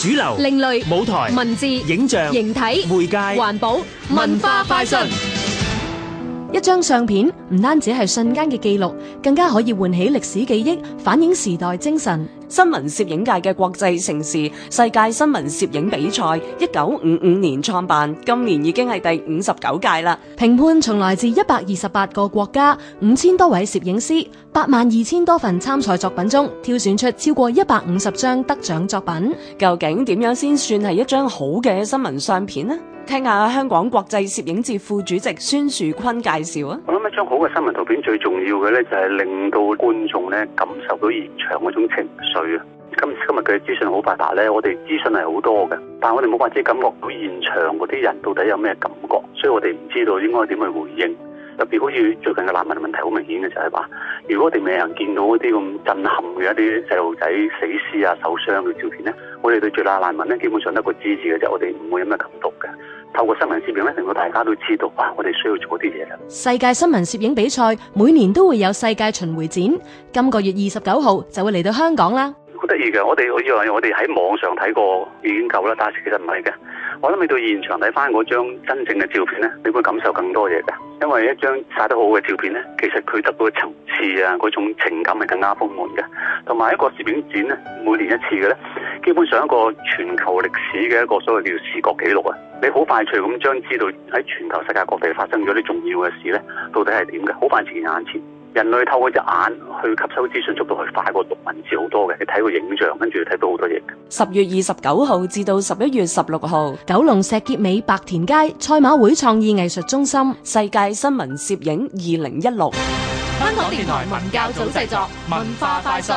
主流、另類、舞台、文字、影像、形體、媒介、環保、文化、快訊。一張相片唔單止係瞬間嘅記錄，更加可以喚起歷史記憶，反映時代精神。新聞攝影界嘅國際盛事、世界新聞攝影比賽，一九五五年創辦，今年已經係第五十九屆啦。評判從來自一百二十八個國家、五千多位攝影師、八萬二千多份參賽作品中，挑選出超過一百五十張得獎作品。究竟點樣先算係一張好嘅新聞相片呢？聽下香港國際攝影節副主席孫樹坤介紹啊！我諗一張好嘅新聞圖片，最重要嘅咧就係令到觀眾咧感受到現場嗰種情緒啊。今今日嘅資訊好發達咧，我哋資訊係好多嘅，但係我哋冇法子感受到現場嗰啲人到底有咩感覺，所以我哋唔知道應該點去回應。特別好似最近嘅難民問題好明顯嘅就係話，如果我哋未人見到嗰啲咁震撼嘅一啲細路仔死屍啊、受傷嘅照片咧，我哋對住啊難民咧，基本上得個支持嘅啫，我哋唔會有咩感動。透過新聞攝影咧，令到大家都知道啊！我哋需要做啲嘢啦。世界新聞攝影比賽每年都會有世界巡回展，今個月二十九號就會嚟到香港啦。好得意嘅，我哋以為我哋喺網上睇過已經夠啦，但係其實唔係嘅。我諗你到現場睇翻嗰張真正嘅照片咧，你會感受更多嘢嘅。因為一張晒得好嘅照片咧，其實佢得到嘅層次啊，嗰種情感係更加豐滿嘅。同埋一個攝影展咧，每年一次嘅咧，基本上一個全球歷史嘅一個所謂叫視覺記錄啊。你好快脆咁將知道喺全球世界各地發生咗啲重要嘅事咧，到底係點嘅？好快前眼前，人類透過隻眼去吸收資訊，速度去快過讀文字好多嘅。你睇個影像，跟住睇到。十月二十九號至到十一月十六號，九龍石硤尾白田街賽馬會創意藝術中心世界新聞攝影二零一六，香港電台文教組製作文化快訊。